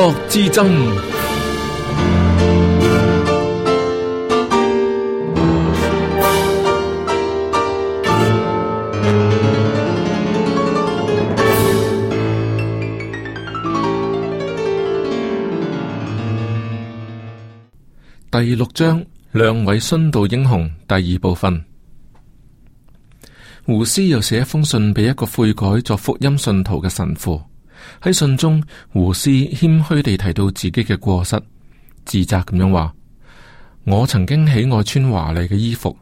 惡之爭。第六章，兩位殉道英雄，第二部分。胡斯又寫一封信俾一個悔改作福音信徒嘅神父。喺信中，胡斯謙虛地提到自己嘅過失，自責咁樣話：我曾經喜愛穿華麗嘅衣服，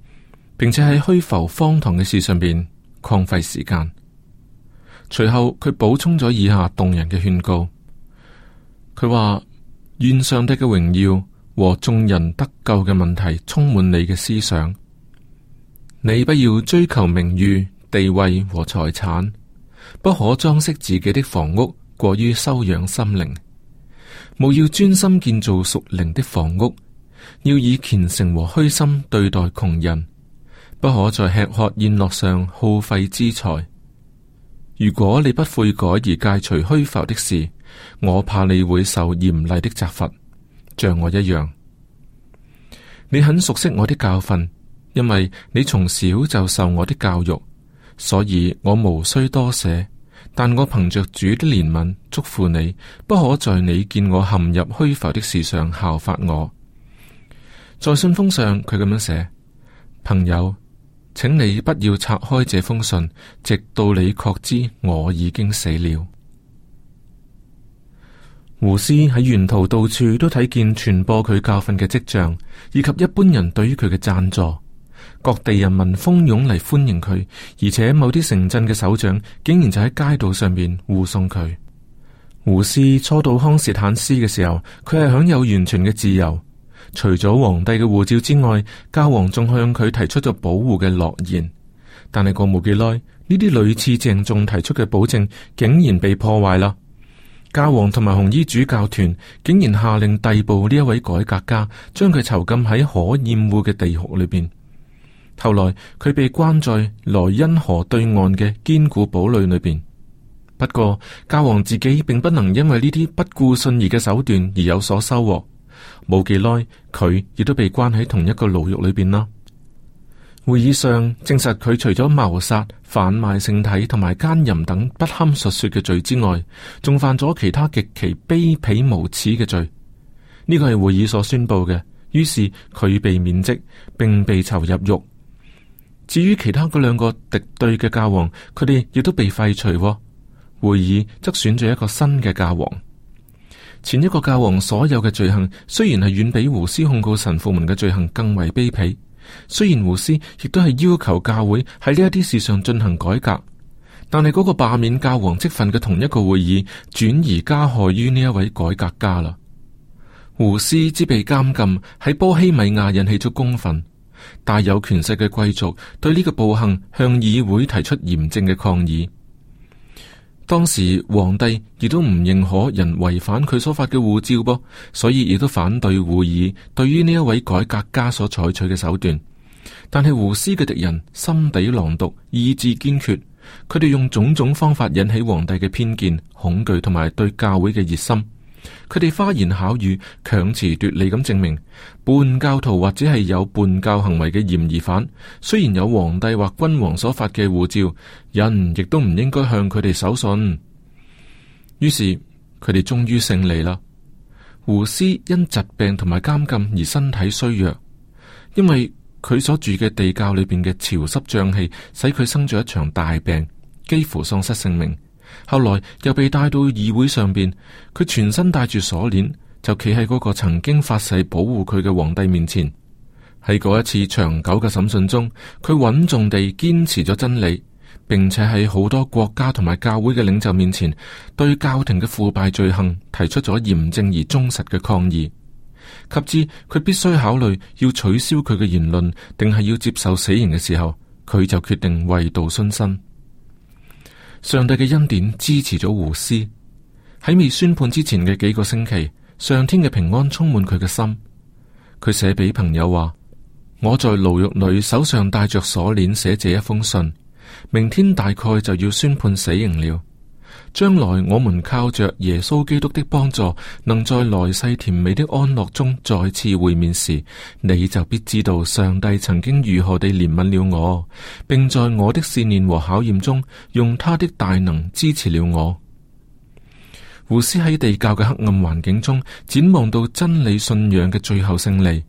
並且喺虛浮荒唐嘅事上邊曠費時間。隨後佢補充咗以下動人嘅勸告：佢話願上帝嘅榮耀和眾人得救嘅問題充滿你嘅思想，你不要追求名譽、地位和財產。不可裝飾自己的房屋，過於修養心靈。務要專心建造屬靈的房屋。要以虔誠和虛心對待窮人。不可在吃喝宴樂上耗費資財。如果你不悔改而戒除虛浮的事，我怕你會受嚴厲的責罰，像我一樣。你很熟悉我的教訓，因為你從小就受我的教育。所以我無需多寫，但我憑着主的憐憫，祝福你，不可在你見我陷入虛浮的事上，效法我。在信封上，佢咁樣寫：朋友，請你不要拆開這封信，直到你確知我已經死了。胡斯喺沿途到處都睇見傳播佢教訓嘅跡象，以及一般人對於佢嘅贊助。各地人民蜂擁嚟歡迎佢，而且某啲城鎮嘅首長竟然就喺街道上面護送佢。胡斯初到康士坦斯嘅時候，佢係享有完全嘅自由，除咗皇帝嘅護照之外，教皇仲向佢提出咗保護嘅諾言。但係過冇幾耐，呢啲屢次鄭重提出嘅保證竟然被破壞啦。教皇同埋紅衣主教團竟然下令逮捕呢一位改革家，將佢囚禁喺可厭惡嘅地獄裏邊。後來佢被關在萊茵河對岸嘅堅固堡壘裏邊。不過教王自己並不能因為呢啲不顧信義嘅手段而有所收穫。冇幾耐，佢亦都被關喺同一個牢獄裏邊啦。會議上證實佢除咗謀殺、販賣聖體同埋奸淫等不堪述說嘅罪之外，仲犯咗其他極其卑鄙無恥嘅罪。呢個係會議所宣布嘅。於是佢被免職，並被囚入獄。至於其他嗰兩個敵對嘅教皇，佢哋亦都被廢除。哦。會議則選咗一個新嘅教皇。前一個教皇所有嘅罪行，雖然係遠比胡斯控告神父們嘅罪行更為卑鄙，雖然胡斯亦都係要求教會喺呢一啲事上進行改革，但係嗰個罷免教皇職分嘅同一個會議，轉移加害於呢一位改革家啦。胡斯之被監禁喺波希米亞引起咗公憤。大有權勢嘅貴族對呢個暴行向議會提出嚴正嘅抗議。當時皇帝亦都唔認可人違反佢所發嘅護照，噃，所以亦都反對會議對於呢一位改革家所採取嘅手段。但係胡斯嘅敵人心底狼毒，意志堅決，佢哋用種種方法引起皇帝嘅偏見、恐懼同埋對教會嘅熱心。佢哋花言巧語、強詞奪理咁證明叛教徒或者係有叛教行為嘅嫌疑犯，雖然有皇帝或君王所發嘅護照，人亦都唔應該向佢哋守信。於是佢哋終於勝利啦。胡斯因疾病同埋監禁而身體衰弱，因為佢所住嘅地窖裏邊嘅潮濕瘴氣，使佢生咗一場大病，幾乎喪失性命。後來又被帶到議會上邊，佢全身戴住鎖鏈，就企喺嗰個曾經發誓保護佢嘅皇帝面前。喺嗰一次長久嘅審訊中，佢穩重地堅持咗真理，並且喺好多國家同埋教會嘅領袖面前，對教廷嘅腐敗罪行提出咗嚴正而忠實嘅抗議。及至佢必須考慮要取消佢嘅言論，定係要接受死刑嘅時候，佢就決定為道殉身。上帝嘅恩典支持咗胡斯，喺未宣判之前嘅幾個星期，上天嘅平安充滿佢嘅心。佢寫俾朋友話，我在牢獄裏手上戴着鎖鏈寫這一封信，明天大概就要宣判死刑了。將來我們靠着耶穌基督的幫助，能在來世甜美的安樂中再次會面時，你就必知道上帝曾經如何地憐憫了我，並在我的試煉和考驗中，用他的大能支持了我。胡斯喺地窖嘅黑暗環境中，展望到真理信仰嘅最後勝利。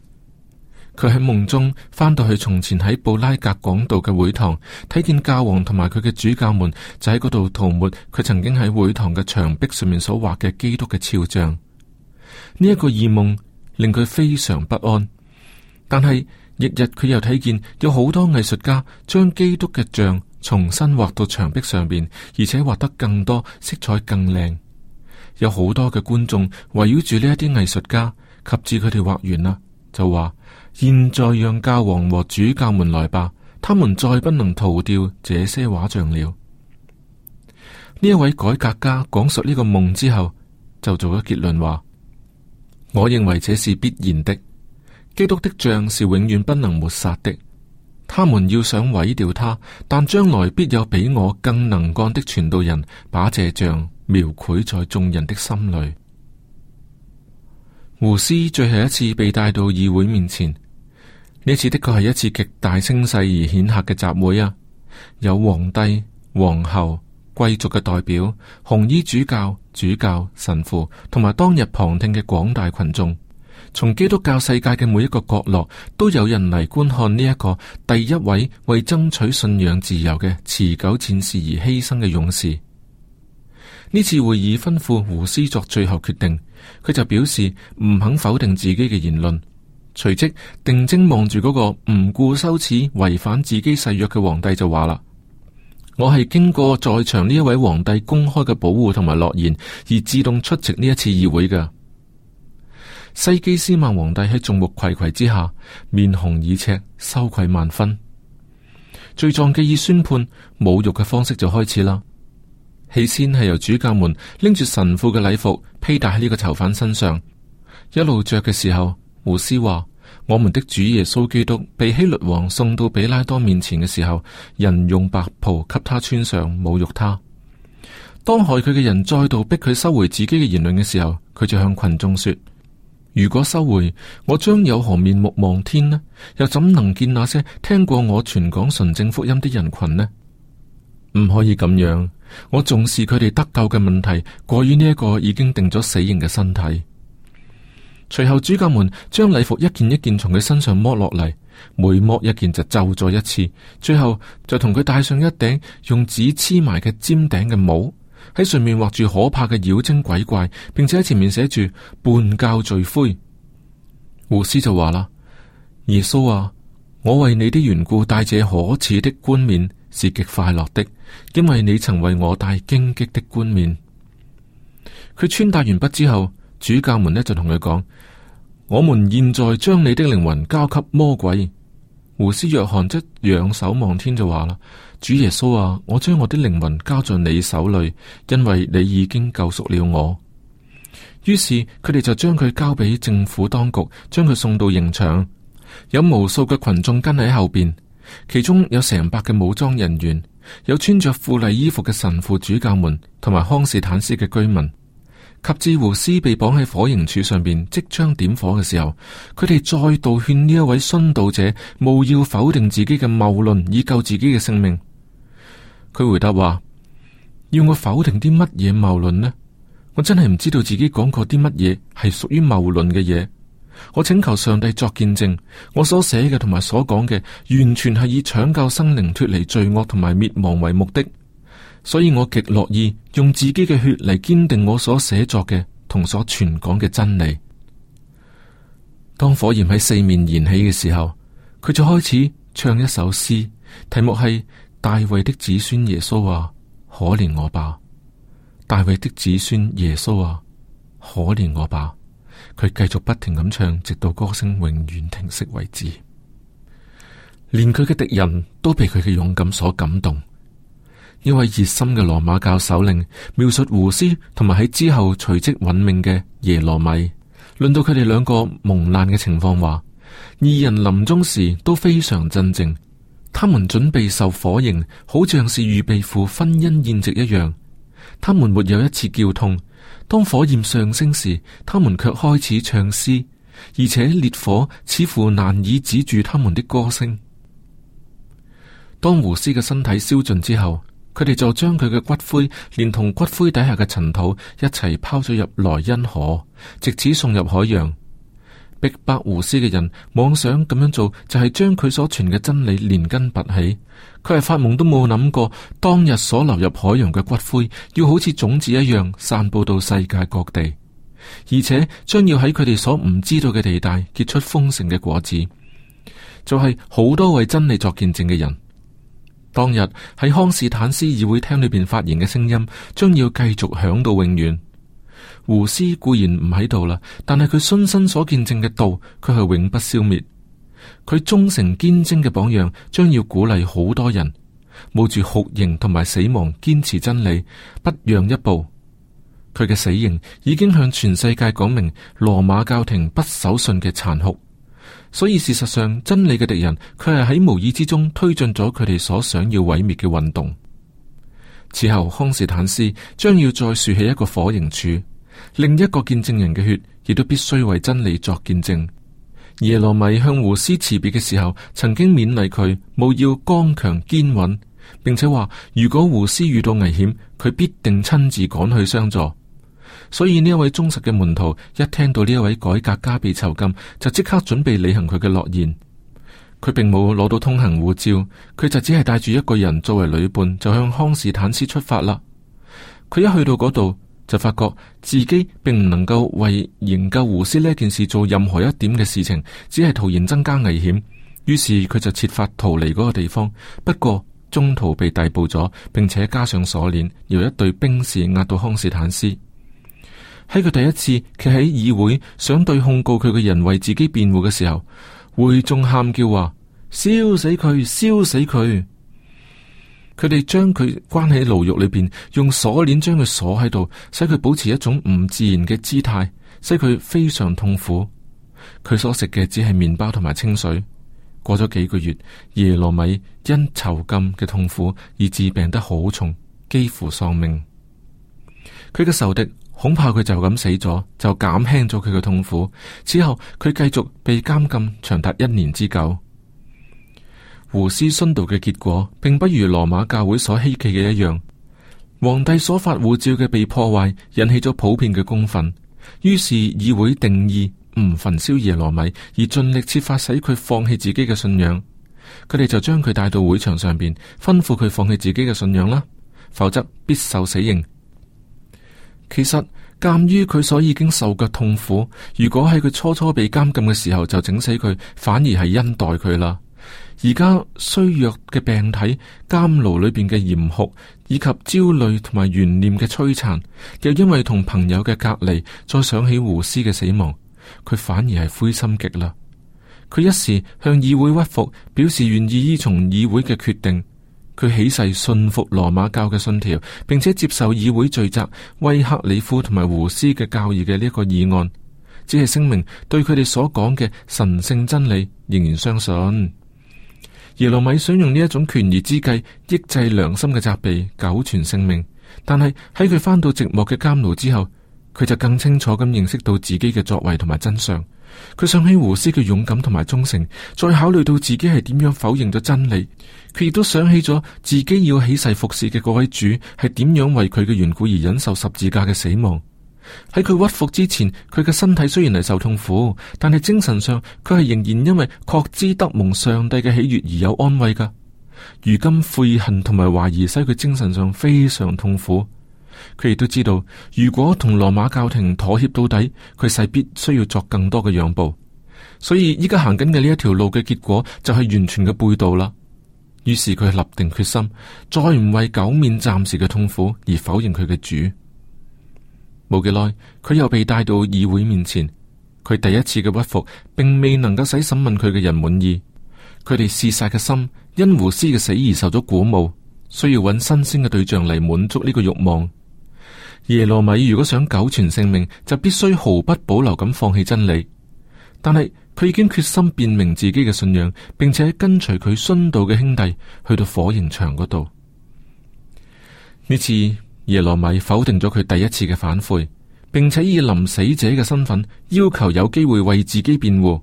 佢喺夢中翻到去從前喺布拉格廣道嘅會堂，睇見教皇同埋佢嘅主教們就喺嗰度塗抹佢曾經喺會堂嘅牆壁上面所畫嘅基督嘅肖像。呢、這、一個異夢令佢非常不安，但係翌日佢又睇見有好多藝術家將基督嘅像重新畫到牆壁上面，而且畫得更多、色彩更靚。有好多嘅觀眾圍繞住呢一啲藝術家，及至佢哋畫完啦，就話。現在讓教皇和主教們來吧，他們再不能逃掉這些畫像了。呢一位改革家講述呢個夢之後，就做咗結論話：我認為這是必然的，基督的像是永遠不能抹殺的。他們要想毀掉它，但將來必有比我更能幹的傳道人把這像描繪在眾人的心裏。胡斯最後一次被帶到議會面前。呢次的確係一次極大聲勢而顯赫嘅集會啊！有皇帝、皇后、貴族嘅代表、紅衣主教、主教、神父同埋當日旁聽嘅廣大群眾，從基督教世界嘅每一個角落都有人嚟觀看呢一個第一位為爭取信仰自由嘅持久戰士而犧牲嘅勇士。呢次會議吩咐胡斯作最後決定，佢就表示唔肯否定自己嘅言論。隨即定睛望住嗰個唔顧羞恥、違反自己誓約嘅皇帝就，就話啦：我係經過在場呢一位皇帝公開嘅保護同埋諾言而自動出席呢一次議會嘅。西基斯曼皇帝喺眾目睽睽之下，面紅耳赤，羞愧萬分。罪狀既已宣判，侮辱嘅方式就開始啦。起先係由主教們拎住神父嘅禮服披戴喺呢個囚犯身上，一路着嘅時候。胡斯話：我們的主耶穌基督被希律王送到彼拉多面前嘅時候，人用白袍給他穿上，侮辱他。當害佢嘅人再度逼佢收回自己嘅言論嘅時候，佢就向群眾說：如果收回，我將有何面目望天呢？又怎能見那些聽過我傳講純正福音的人群呢？唔可以咁樣。我重視佢哋得救嘅問題，過於呢一個已經定咗死刑嘅身體。隨後主教們將禮服一件一件從佢身上剝落嚟，每剝一件就皺咗一次，最後就同佢戴上一頂用紙黐埋嘅尖頂嘅帽，喺上面畫住可怕嘅妖精鬼怪，並且喺前面寫住叛教罪灰。胡師就話啦：耶穌啊，我為你的緣故戴這可恥的冠冕是極快樂的，因為你曾為我戴荊棘的冠冕。佢穿戴完畢之後，主教們呢就同佢講。我們現在將你的靈魂交給魔鬼。胡斯約翰即仰手望天就話啦：主耶穌啊，我將我的靈魂交在你手裏，因為你已經救贖了我。於是佢哋就將佢交俾政府當局，將佢送到刑場。有無數嘅群眾跟喺後邊，其中有成百嘅武裝人員，有穿着富麗衣服嘅神父、主教們，同埋康斯坦斯嘅居民。及至胡斯被綁喺火刑柱上邊，即將點火嘅時候，佢哋再度勸呢一位殉道者，務要否定自己嘅謬論，以救自己嘅性命。佢回答話：要我否定啲乜嘢謬論呢？我真係唔知道自己講過啲乜嘢係屬於謬論嘅嘢。我請求上帝作見證，我所寫嘅同埋所講嘅，完全係以搶救生靈脫離罪惡同埋滅亡為目的。所以我極樂意用自己嘅血嚟堅定我所寫作嘅同所傳講嘅真理。當火焰喺四面燃起嘅時候，佢就開始唱一首詩，題目係大衛的子孫耶穌啊，可憐我吧！大衛的子孫耶穌啊，可憐我吧！佢繼續不停咁唱，直到歌聲永遠停息為止。連佢嘅敵人都被佢嘅勇敢所感動。一位熱心嘅羅馬教首領描述胡斯同埋喺之後隨即殞命嘅耶羅米，論到佢哋兩個蒙難嘅情況話，二人臨終時都非常鎮靜。他們準備受火刑，好像是預備赴婚姻宴席一樣。他們沒有一次叫痛。當火焰上升時，他們卻開始唱詩，而且烈火似乎難以止住他們的歌聲。當胡斯嘅身體燒盡之後，佢哋就將佢嘅骨灰連同骨灰底下嘅塵土一齊拋咗入萊茵河，直至送入海洋。逼迫胡斯嘅人妄想咁樣做，就係將佢所傳嘅真理連根拔起。佢係發夢都冇諗過，當日所流入海洋嘅骨灰，要好似種子一樣散布到世界各地，而且將要喺佢哋所唔知道嘅地帶結出豐盛嘅果子，就係、是、好多為真理作見證嘅人。當日喺康士坦斯議會廳裏邊發言嘅聲音，將要繼續響到永遠。胡斯固然唔喺度啦，但係佢殉身所見證嘅道，佢係永不消滅。佢忠誠堅貞嘅榜樣，將要鼓勵好多人，冒住酷刑同埋死亡堅持真理，不讓一步。佢嘅死刑已經向全世界講明，羅馬教廷不守信嘅殘酷。所以事實上，真理嘅敵人佢係喺無意之中推進咗佢哋所想要毀滅嘅運動。此後，康士坦斯將要再豎起一個火刑柱，另一個見證人嘅血亦都必須為真理作見證。耶羅米向胡斯辭別嘅時候，曾經勉勵佢務要剛強堅穩，並且話如果胡斯遇到危險，佢必定親自趕去相助。所以呢一位忠實嘅門徒一聽到呢一位改革加被囚禁，就即刻準備履行佢嘅諾言。佢並冇攞到通行護照，佢就只係帶住一個人作為旅伴，就向康斯坦斯出發啦。佢一去到嗰度，就發覺自己並唔能夠為營救胡斯呢件事做任何一點嘅事情，只係徒然增加危險。於是佢就設法逃離嗰個地方，不過中途被逮捕咗，並且加上鎖鏈，由一隊兵士押到康斯坦斯。喺佢第一次企喺議會，想對控告佢嘅人為自己辯護嘅時候，會眾喊叫話：燒死佢，燒死佢！佢哋將佢關喺牢獄裏邊，用鎖鏈將佢鎖喺度，使佢保持一種唔自然嘅姿態，使佢非常痛苦。佢所食嘅只係麵包同埋清水。過咗幾個月，耶羅米因囚禁嘅痛苦而致病得好重，幾乎喪命。佢嘅仇敵恐怕佢就咁死咗，就減輕咗佢嘅痛苦。此後佢繼續被監禁長達一年之久。胡斯殉道嘅結果，並不如羅馬教會所希冀嘅一樣。皇帝所發護照嘅被破壞，引起咗普遍嘅公憤。於是議會定義唔焚燒耶羅米，而盡力設法使佢放棄自己嘅信仰。佢哋就將佢帶到會場上邊，吩咐佢放棄自己嘅信仰啦，否則必受死刑。其實，鑑於佢所已經受嘅痛苦，如果喺佢初初被監禁嘅時候就整死佢，反而係恩待佢啦。而家衰弱嘅病體、監牢裏邊嘅嚴酷，以及焦慮同埋懸念嘅摧殘，又因為同朋友嘅隔離，再想起胡斯嘅死亡，佢反而係灰心極啦。佢一時向議會屈服，表示願意依從議會嘅決定。佢起誓信服羅馬教嘅信條，並且接受議會聚責威克里夫同埋胡斯嘅教義嘅呢一個議案，只係聲明對佢哋所講嘅神聖真理仍然相信。耶羅米想用呢一種權宜之計抑制良心嘅責備，苟存性命。但係喺佢翻到寂寞嘅監牢之後，佢就更清楚咁認識到自己嘅作為同埋真相。佢想起胡斯嘅勇敢同埋忠誠，再考慮到自己係點樣否認咗真理，佢亦都想起咗自己要起誓服侍嘅嗰位主係點樣為佢嘅緣故而忍受十字架嘅死亡。喺佢屈服之前，佢嘅身體雖然係受痛苦，但係精神上佢係仍然因為確知得蒙上帝嘅喜悅而有安慰噶。如今悔恨同埋懷疑使佢精神上非常痛苦。佢亦都知道，如果同羅馬教廷妥協到底，佢勢必需要作更多嘅讓步。所以依家行緊嘅呢一條路嘅結果就係完全嘅背道啦。於是佢立定決心，再唔為苟免暫時嘅痛苦而否認佢嘅主。冇幾耐，佢又被帶到議會面前。佢第一次嘅屈服，並未能夠使審問佢嘅人滿意。佢哋嗜殺嘅心，因胡斯嘅死而受咗鼓舞，需要揾新鮮嘅對象嚟滿足呢個慾望。耶羅米如果想苟存性命，就必須毫不保留咁放棄真理。但係佢已經決心辨明自己嘅信仰，並且跟隨佢殉道嘅兄弟去到火刑場嗰度。呢次耶羅米否定咗佢第一次嘅反悔，並且以臨死者嘅身份要求有機會為自己辯護。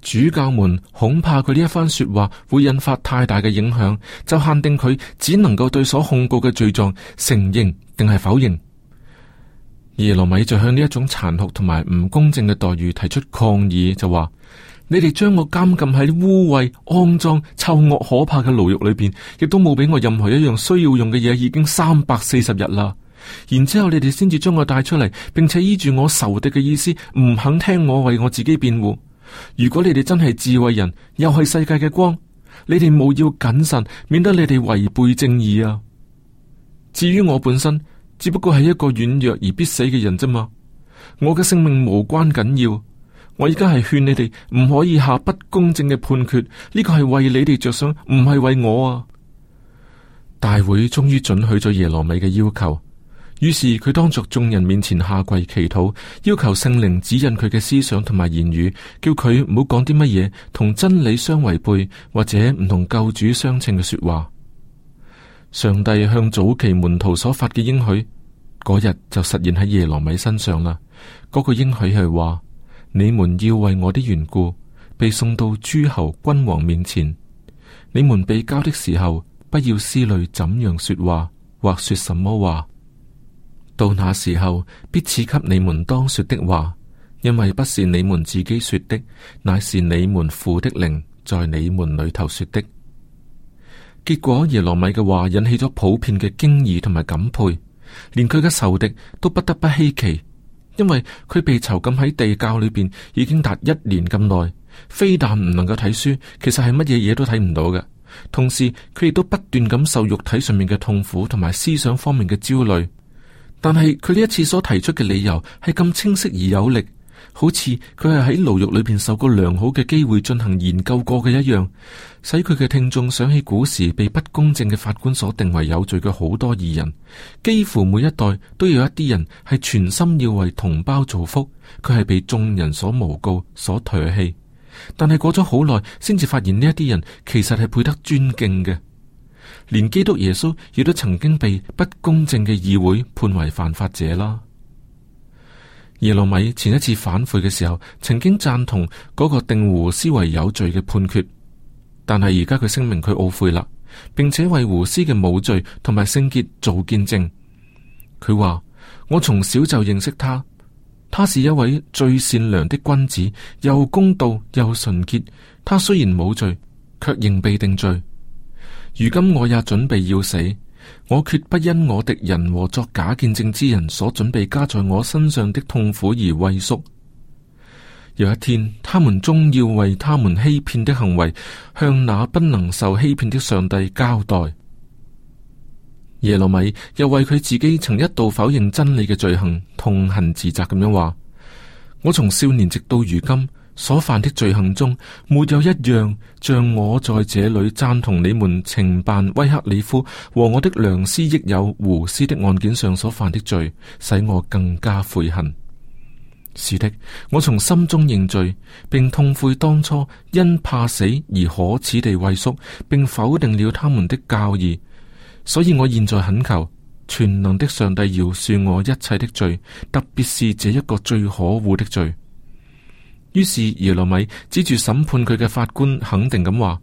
主教們恐怕佢呢一番說話會引發太大嘅影響，就限定佢只能夠對所控告嘅罪狀承認定係否認。耶羅米就向呢一種殘酷同埋唔公正嘅待遇提出抗議，就話：你哋將我監禁喺污穢骯髒、臭惡可怕嘅牢獄裏邊，亦都冇俾我任何一樣需要用嘅嘢，已經三百四十日啦。然之後你哋先至將我帶出嚟，並且依住我仇敵嘅意思，唔肯聽我為我自己辯護。如果你哋真係智慧人，又係世界嘅光，你哋冇要謹慎，免得你哋違背正義啊。至於我本身，只不過係一個軟弱而必死嘅人啫嘛。我嘅性命無關緊要，我而家係勸你哋唔可以下不公正嘅判決，呢個係為你哋着想，唔係為我啊。大會終於准許咗耶羅米嘅要求。於是佢當着眾人面前下跪祈禱，要求聖靈指引佢嘅思想同埋言語，叫佢唔好講啲乜嘢同真理相違背，或者唔同救主相稱嘅說話。上帝向早期門徒所發嘅應許，嗰日就實現喺耶羅米身上啦。嗰、那個應許係話：你們要為我的緣故被送到諸侯君王面前，你們被交的時候，不要思慮怎樣說話或說什麼話。到那時候，必賜給你們當說的話，因為不是你們自己說的，乃是你們父的靈在你們裏頭說的。結果，耶羅米嘅話引起咗普遍嘅驚異同埋感佩，連佢嘅仇敵都不得不稀奇，因為佢被囚禁喺地窖裏邊已經達一年咁耐，非但唔能夠睇書，其實係乜嘢嘢都睇唔到嘅。同時，佢亦都不斷感受肉體上面嘅痛苦同埋思想方面嘅焦慮。但係佢呢一次所提出嘅理由係咁清晰而有力，好似佢係喺牢獄裏邊受過良好嘅機會進行研究過嘅一樣，使佢嘅聽眾想起古時被不公正嘅法官所定為有罪嘅好多異人，幾乎每一代都有一啲人係全心要為同胞造福，佢係被眾人所誣告所唾棄，但係過咗好耐，先至發現呢一啲人其實係配得尊敬嘅。連基督耶穌亦都曾經被不公正嘅議會判為犯法者啦。耶羅米前一次反悔嘅時候，曾經贊同嗰個定胡斯為有罪嘅判決，但係而家佢聲明佢懊悔啦，並且為胡斯嘅無罪同埋聖潔做見證。佢話：我從小就認識他，他是一位最善良的君子，又公道又純潔。他雖然冇罪，卻仍被定罪。如今我也準備要死，我決不因我敵人和作假見證之人所準備加在我身上的痛苦而畏縮。有一天，他們終要為他們欺騙的行為，向那不能受欺騙的上帝交代。耶羅米又為佢自己曾一度否認真理嘅罪行，痛恨自責咁樣話：我從少年直到如今。所犯的罪行中，沒有一樣像我在這裏贊同你們懲辦威克里夫和我的良師益友胡斯的案件上所犯的罪，使我更加悔恨。是的，我從心中認罪，並痛悔當初因怕死而可恥地畏縮，並否定了他們的教義。所以我現在懇求全能的上帝饒恕我一切的罪，特別是這一個最可惡的罪。於是，耶羅米指住審判佢嘅法官，肯定咁話：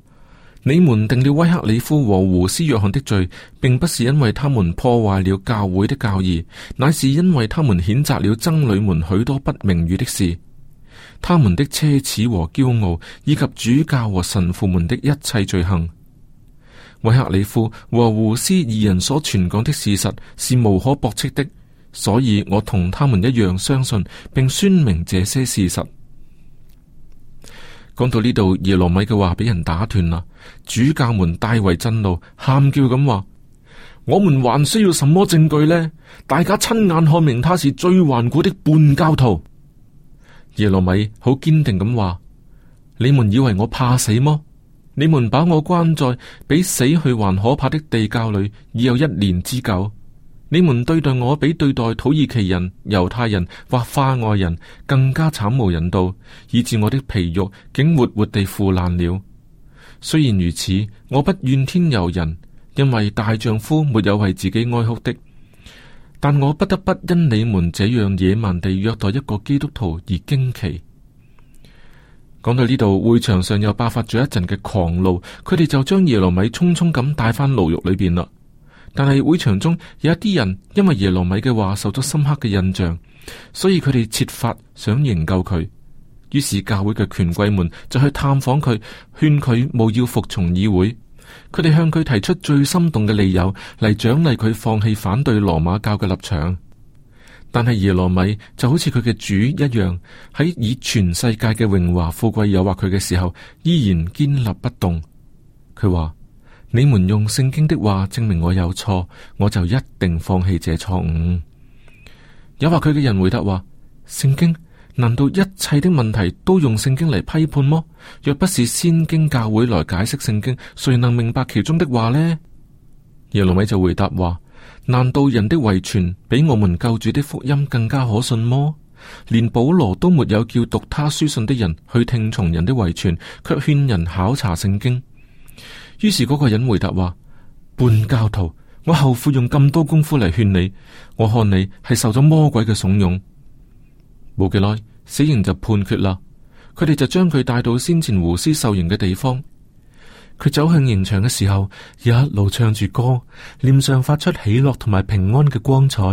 你們定了威克里夫和胡斯約翰的罪，並不是因為他們破壞了教會的教義，乃是因為他們譴責了僧侶們許多不名譽的事，他們的奢侈和驕傲，以及主教和神父們的一切罪行。威克里夫和胡斯二人所傳講的事實是無可駁斥的，所以我同他們一樣相信，並宣明這些事實。講到呢度，耶羅米嘅話俾人打斷啦。主教們大為震怒，喊叫咁話：我們還需要什麼證據呢？大家親眼看明他是最頑固的叛教徒。耶羅米好堅定咁話：你們以為我怕死麼？你們把我關在比死去還可怕的地窖裏已有一年之久。你們對待我比對待土耳其人、猶太人或化外人更加慘無人道，以致我的皮肉竟活活地腐爛了。雖然如此，我不怨天尤人，因為大丈夫沒有為自己哀哭的。但我不得不因你們這樣野蠻地虐待一個基督徒而驚奇。講到呢度，會場上又爆發咗一陣嘅狂怒，佢哋就將耶羅米匆匆咁帶翻牢獄裏邊啦。但係會場中有一啲人因為耶羅米嘅話受咗深刻嘅印象，所以佢哋設法想營救佢。於是教會嘅權貴們就去探訪佢，勸佢冇要服從議會。佢哋向佢提出最心動嘅理由嚟獎勵佢放棄反對羅馬教嘅立場。但係耶羅米就好似佢嘅主一樣，喺以全世界嘅榮華富貴誘惑佢嘅時候，依然堅立不動。佢話：你們用聖經的話證明我有錯，我就一定放棄這錯誤。有話佢嘅人回答話：聖經難道一切的問題都用聖經嚟批判麼？若不是先經教會來解釋聖經，誰能明白其中的話呢？耶羅米就回答話：難道人的遺傳比我們救主的福音更加可信麼？連保羅都沒有叫讀他書信的人去聽從人的遺傳，卻勸人考察聖經。於是嗰個人回答話：半教徒，我後悔用咁多功夫嚟勸你，我看你係受咗魔鬼嘅慫恿。冇幾耐，死刑就判決啦。佢哋就將佢帶到先前胡思受刑嘅地方。佢走向刑場嘅時候，一路唱住歌，臉上發出喜樂同埋平安嘅光彩。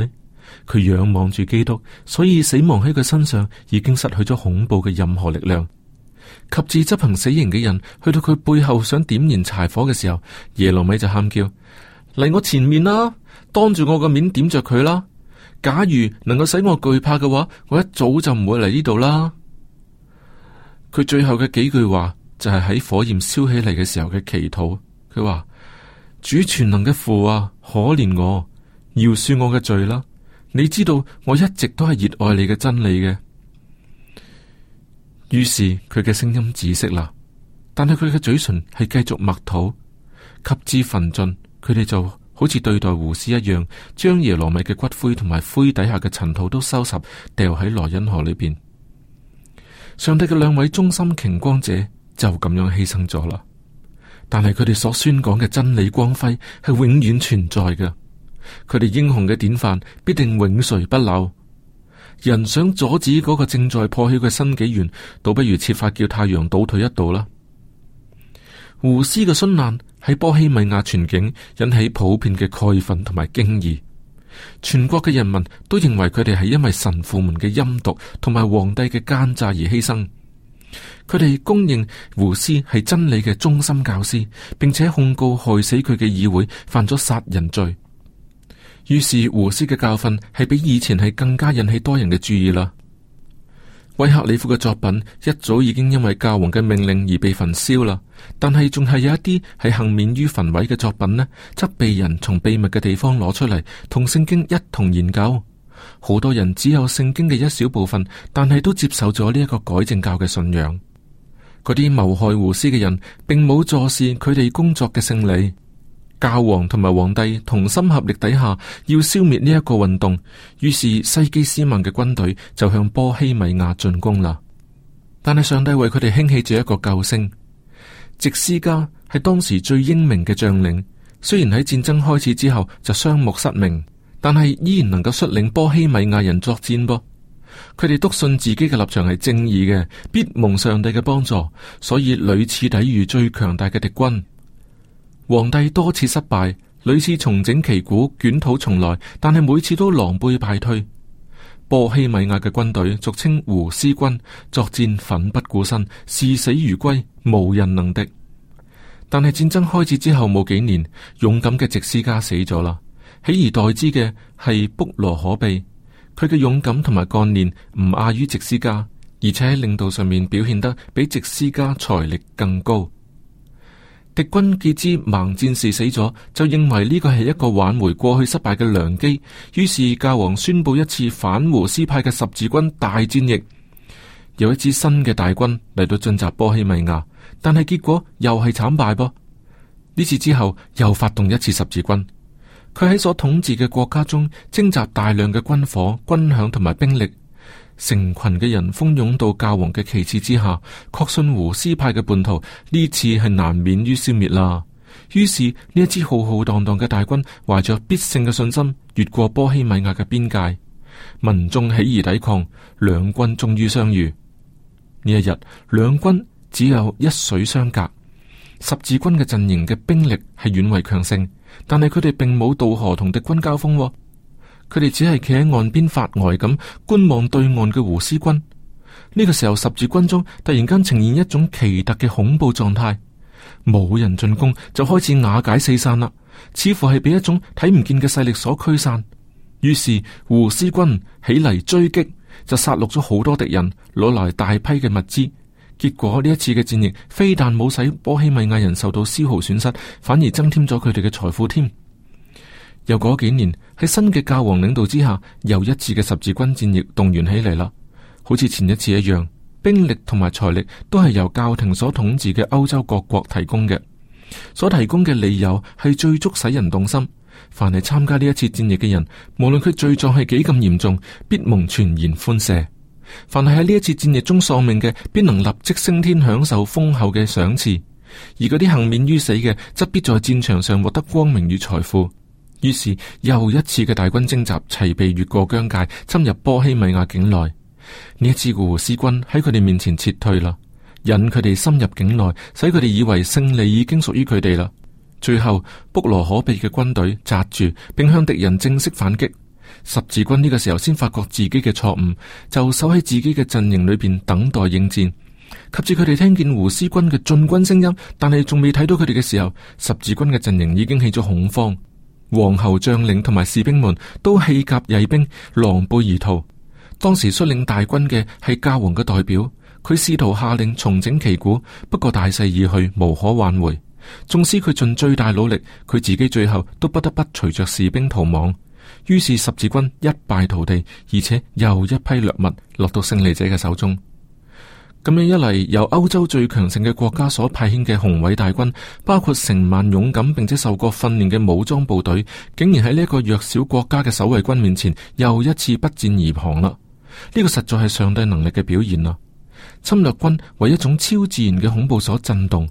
佢仰望住基督，所以死亡喺佢身上已經失去咗恐怖嘅任何力量。及至執行死刑嘅人去到佢背後想點燃柴火嘅時候，耶路米就喊叫：嚟我前面啦，當住我個面點着佢啦！假如能夠使我懼怕嘅話，我一早就唔會嚟呢度啦。佢最後嘅幾句話就係喺火焰燒起嚟嘅時候嘅祈禱。佢話：主全能嘅父啊，可憐我，饒恕我嘅罪啦！你知道我一直都係熱愛你嘅真理嘅。於是佢嘅聲音止息啦，但係佢嘅嘴唇係繼續默禱，吸之焚盡。佢哋就好似對待胡斯一樣，將耶羅米嘅骨灰同埋灰底下嘅塵土都收拾掉喺萊茵河裏邊。上帝嘅兩位忠心擎光者就咁樣犧牲咗啦，但係佢哋所宣講嘅真理光輝係永遠存在嘅，佢哋英雄嘅典範必定永垂不朽。人想阻止嗰個正在破曉嘅新紀元，倒不如設法叫太陽倒退一度啦。胡斯嘅殉難喺波希米亞全境引起普遍嘅慨憤同埋驚異，全國嘅人民都認為佢哋係因為神父們嘅陰毒同埋皇帝嘅奸詐而犧牲。佢哋公認胡斯係真理嘅中心教師，並且控告害死佢嘅議會犯咗殺人罪。於是，胡斯嘅教訓係比以前係更加引起多人嘅注意啦。威克里夫嘅作品一早已經因為教皇嘅命令而被焚燒啦，但係仲係有一啲係幸免於焚毀嘅作品呢，則被人從秘密嘅地方攞出嚟，同聖經一同研究。好多人只有聖經嘅一小部分，但係都接受咗呢一個改正教嘅信仰。嗰啲謀害胡斯嘅人，並冇坐視佢哋工作嘅勝利。教皇同埋皇帝同心合力底下，要消滅呢一個運動，於是西基斯曼嘅軍隊就向波希米亞進攻啦。但係上帝為佢哋興起咗一個救星，直斯加係當時最英明嘅將領。雖然喺戰爭開始之後就雙目失明，但係依然能夠率領波希米亞人作戰噃，佢哋篤信自己嘅立場係正義嘅，必蒙上帝嘅幫助，所以屢次抵禦最強大嘅敵軍。皇帝多次失敗，屢次重整旗鼓，捲土重來，但係每次都狼狽敗退。波希米亞嘅軍隊，俗稱胡斯軍，作戰奮不顧身，視死如歸，無人能敵。但係戰爭開始之後冇幾年，勇敢嘅直斯家死咗啦，取而代之嘅係卜羅可貝。佢嘅勇敢同埋幹練唔亞於直斯家，而且喺領導上面表現得比直斯家才力更高。敵軍皆知盲戰士死咗，就認為呢個係一個挽回過去失敗嘅良機。於是教皇宣布一次反胡斯派嘅十字軍大戰役，有一支新嘅大軍嚟到進襲波希米亞，但係結果又係慘敗噃。呢次之後又發動一次十字軍，佢喺所統治嘅國家中征集大量嘅軍火、軍餉同埋兵力。成群嘅人蜂擁到教皇嘅旗幟之下，確信胡斯派嘅叛徒呢次係難免於消滅啦。於是呢一支浩浩蕩蕩嘅大軍，懷着必勝嘅信心，越過波希米亞嘅邊界。民眾起義抵抗，兩軍終於相遇。呢一日，兩軍只有一水相隔。十字軍嘅陣營嘅兵力係遠為強盛，但係佢哋並冇渡河同敵軍交鋒。佢哋只係企喺岸邊發呆咁觀望對岸嘅胡斯軍。呢個時候，十字軍中突然間呈現一種奇特嘅恐怖狀態，冇人進攻就開始瓦解四散啦，似乎係被一種睇唔見嘅勢力所驅散。於是胡斯軍起嚟追擊，就殺落咗好多敵人，攞來大批嘅物資。結果呢一次嘅戰役，非但冇使波希米亞人受到絲毫損失，反而增添咗佢哋嘅財富添。又過幾年喺新嘅教皇領導之下，又一次嘅十字軍戰役動員起嚟啦。好似前一次一樣，兵力同埋財力都係由教廷所統治嘅歐洲各國提供嘅。所提供嘅理由係最足使人動心。凡係參加呢一次戰役嘅人，無論佢罪狀係幾咁嚴重，必蒙全然寬赦。凡係喺呢一次戰役中喪命嘅，必能立即升天，享受豐厚嘅賞賜；而嗰啲幸免於死嘅，則必在戰場上獲得光明與財富。於是又一次嘅大軍徵集，齊備越過疆界，侵入波希米亞境內。呢一次，胡斯軍喺佢哋面前撤退啦，引佢哋深入境內，使佢哋以為勝利已經屬於佢哋啦。最後，卜羅可被嘅軍隊紮住，並向敵人正式反擊。十字軍呢個時候先發覺自己嘅錯誤，就守喺自己嘅陣營裏邊等待應戰。及至佢哋聽見胡斯軍嘅進軍聲音，但係仲未睇到佢哋嘅時候，十字軍嘅陣營已經起咗恐慌。皇后將領同埋士兵們都棄甲曳兵，狼狽而逃。當時率領大軍嘅係教皇嘅代表，佢試圖下令重整旗鼓，不過大勢已去，無可挽回。縱使佢盡最大努力，佢自己最後都不得不隨着士兵逃亡。於是十字軍一敗塗地，而且又一批掠物落到勝利者嘅手中。咁樣一嚟，由歐洲最強盛嘅國家所派遣嘅宏偉大軍，包括成萬勇敢並且受過訓練嘅武裝部隊，竟然喺呢一個弱小國家嘅守衛軍面前，又一次不戰而降啦！呢個實在係上帝能力嘅表現啊。侵略軍為一種超自然嘅恐怖所震動。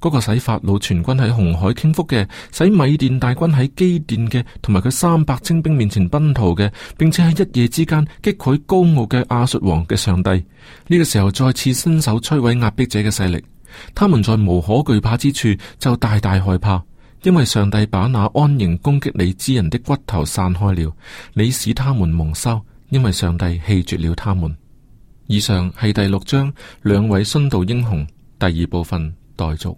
嗰個使法老全軍喺紅海傾覆嘅，使米甸大軍喺基甸嘅，同埋佢三百精兵面前奔逃嘅，並且喺一夜之間擊潰高傲嘅亞述王嘅上帝。呢、這個時候再次伸手摧毀壓迫者嘅勢力，他們在無可懼怕之處就大大害怕，因為上帝把那安營攻擊你之人的骨頭散開了，你使他們蒙羞，因為上帝棄絕了他們。以上係第六章兩位殉道英雄第二部分待續。